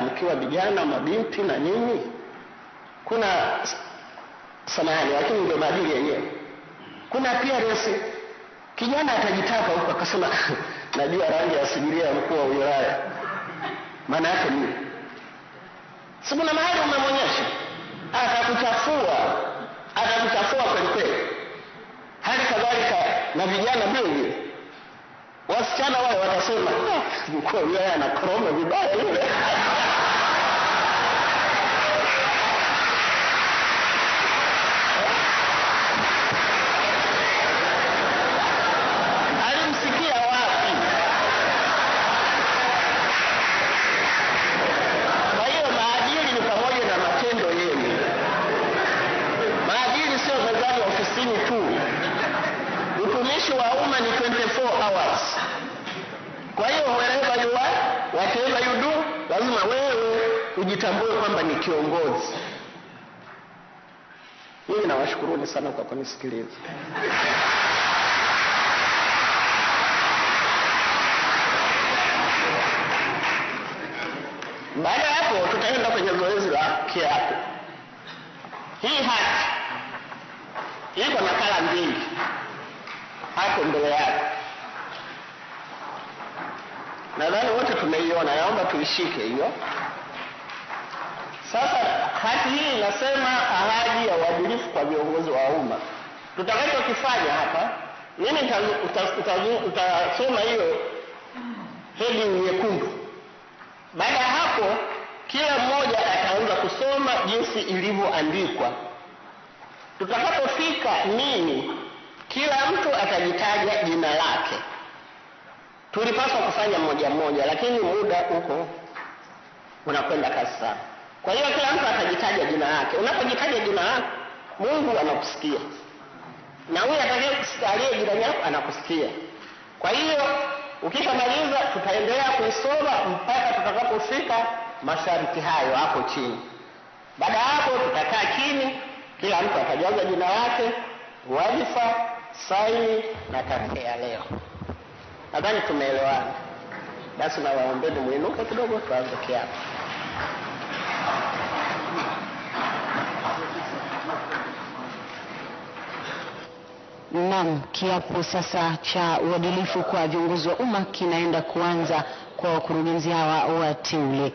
mkiwa vijana mabinti na nini, kuna samahani, lakini ndio maadili yenyewe. Kuna resi kijana atajitapa huko akasema najua rangi ya sigiria ya mkuu wa wilaya. Maana yake nini? sikuna mahali unamwonyesha, atakuchafua, atakuchafua kwelikweli. Hali kadhalika na vijana vingi vile Wasichana wale watasema, ah, mkuu wa wilaya anakoroma vibaya ujitambue kwamba ni kiongozi. Mimi nawashukuruni sana kwa kunisikiliza. Baada ya hapo, tutaenda kwenye zoezi la kiapo. Hii hati iko nakala mbili hapo mbele yako, nadhani wote tumeiona. Naomba tuishike hiyo. Sasa hati hii inasema ahadi ya uadilifu kwa viongozi wa umma. Tutakachokifanya hapa, mimi utasoma hiyo heading nyekundu. Baada ya hapo, kila mmoja ataanza kusoma jinsi ilivyoandikwa. Tutakapofika mimi, kila mtu atajitaja jina lake. Tulipaswa kufanya mmoja mmoja, lakini muda huko unakwenda kasi sana. Kwa hiyo kila mtu atajitaja jina lake. Unapojitaja jina lako, Mungu anakusikia na huyu atakaye kusikia jirani yako anakusikia. Kwa hiyo ukishamaliza, tutaendelea kuisoma mpaka tutakapofika masharti hayo hapo chini. Baada hapo, tutakaa chini, kila mtu atajaza jina lake, wadhifa, saini na tarehe ya leo. Nadhani tumeelewana. Basi nawaombeni mwinuke kidogo, tuanze kiapo. Naam, kiapo sasa cha uadilifu kwa viongozi wa umma kinaenda kuanza kwa wakurugenzi hawa wateule.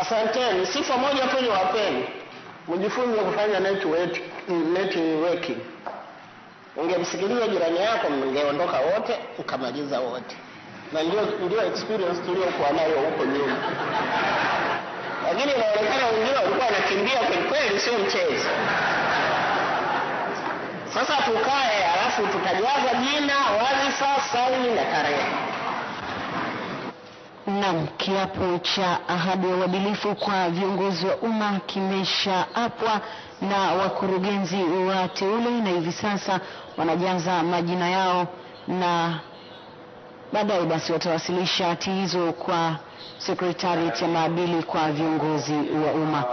Asanteni. Sifa moja tu wapeni, mjifunze kufanya network, network. Ungemsikiliza jirani yako, mngeondoka wote ukamaliza wote, na ndio ndio experience tuliokuwa nayo huko nyuma. Lakini inaonekana wengine walikuwa wanakimbia kwelikweli, sio mchezo. Sasa tukae, halafu tutajaza jina, wadhifa, saini na tarehe. Naam, kiapo cha ahadi ya uadilifu kwa viongozi wa umma kimeshaapwa na wakurugenzi wa teule, na hivi sasa wanajaza majina yao, na baadaye basi watawasilisha hati hizo kwa sekretarieti ya maadili kwa viongozi wa umma.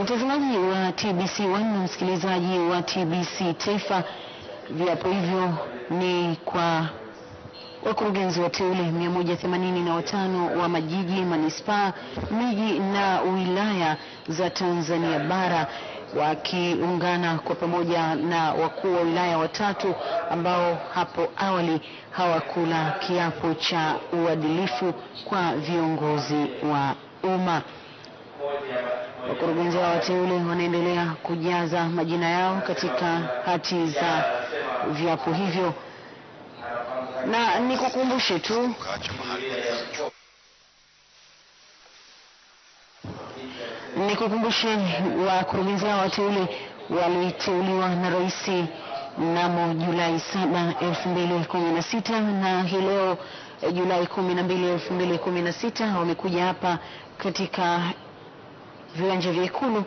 Mtazamaji wa TBC One na msikilizaji wa TBC Taifa, viapo hivyo ni kwa wakurugenzi wateule 185 wa majiji, manispaa, miji na wilaya za Tanzania bara wakiungana kwa pamoja na wakuu wa wilaya watatu ambao hapo awali hawakula kiapo cha uadilifu kwa viongozi wa umma. Wakurugenzi wa wateule wanaendelea kujaza majina yao katika hati za viapo hivyo, na nikukumbushe tu nikukumbushe wakurugenzi hao wateule waliteuliwa na rais mnamo Julai 7, 2016 na hii leo Julai 12, 2016 wamekuja hapa katika viwanja vya Ikulu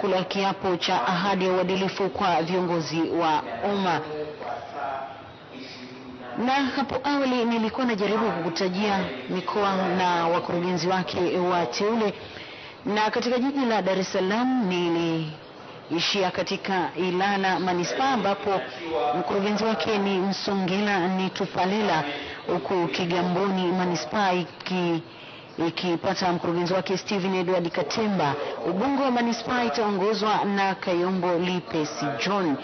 kula kiapo cha ahadi ya uadilifu kwa viongozi wa umma. Na hapo awali nilikuwa najaribu kukutajia mikoa na wakurugenzi wake wa teule, na katika jiji la Dar es Salaam niliishia katika Ilala manispaa, ambapo mkurugenzi wake ni Msongela ni tupalela huku Kigamboni manispaa iki ikipata mkurugenzi wake Steven Edward Katemba. Ubungo wa manispaa itaongozwa na Kayombo Lipesi John.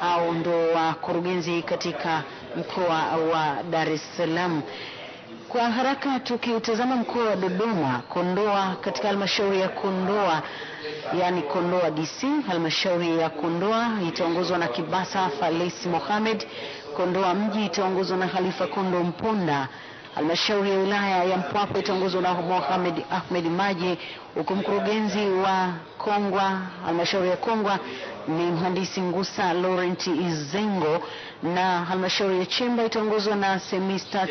Hao ndo wakurugenzi katika mkoa wa Dar es Salaam. Kwa haraka tukiutazama mkoa wa Dodoma, Kondoa, katika halmashauri ya Kondoa, yani Kondoa DC, halmashauri ya Kondoa itaongozwa na Kibasa Falesi Mohamed. Kondoa mji itaongozwa na Khalifa Kondo Mponda. Halmashauri ya wilaya ya Mpwapwa itaongozwa na Mohamed Ahmed Maji, huku mkurugenzi wa Kongwa halmashauri ya Kongwa ni mhandisi Ngusa Laurent Izengo, na halmashauri ya Chemba itaongozwa na Semista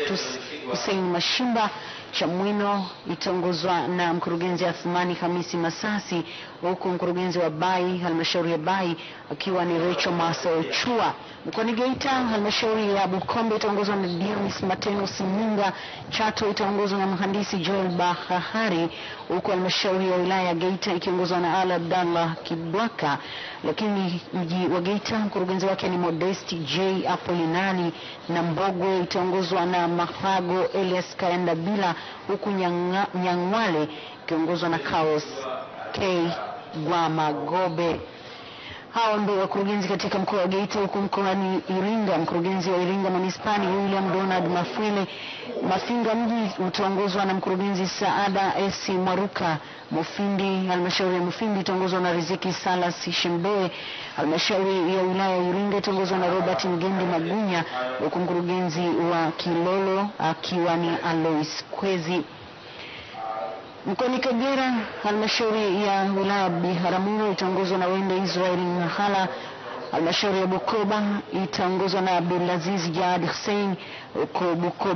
Hussein Mashimba. Chamwino itaongozwa na mkurugenzi Athmani Hamisi Masasi, huku mkurugenzi wa Bai halmashauri ya Bai akiwa ni Rachel Marcel Chua. Mkoani Geita halmashauri ya Bukombe itaongozwa na Dionis Mateno Simunga. Chato itaongozwa na mhandisi Joel Bahahari, huku halmashauri ya wilaya ya Geita ikiongozwa na Ala Abdallah Kibwaka lakini lakini mji wa Geita mkurugenzi wake ni Modesti J Apolinari na Mbogwe itaongozwa na Mahago Elias Kayandabila, huku Nyang'wale ikiongozwa na Kaos K Gwamagobe. Hao ndio wakurugenzi katika mkoa wa Geita, huku mkoani Iringa mkurugenzi wa Iringa manispani William Donald Mafwele. Mafinga mji utaongozwa na mkurugenzi Saada Esi Mwaruka. Mufindi halmashauri ya Mufindi itaongozwa na Riziki Salas Shembe. Halmashauri ya wilaya ya Iringa itaongozwa na Robert mgendi Magunya, huku mkurugenzi wa Kilolo akiwa ni Alois Kwezi. Mkoani Kagera, halmashauri ya wilaya Biharamulo itaongozwa na Wende Israeli Mahala. Halmashauri ya Bukoba itaongozwa na Abdulaziz Jaad Hussein huko Bukoba.